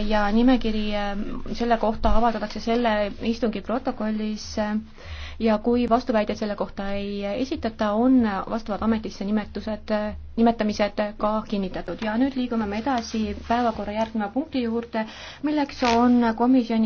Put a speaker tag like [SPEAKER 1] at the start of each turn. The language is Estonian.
[SPEAKER 1] ja nimekiri äh, selle kohta avaldatakse selle istungi protokollis äh, ja kui vastuväideid selle kohta ei esitata, on vastavad ametisse nimetused, äh, nimetamised ka kinnitatud ja nüüd liigume me edasi päevakorra järgneva punkti juurde,
[SPEAKER 2] milleks on komisjoni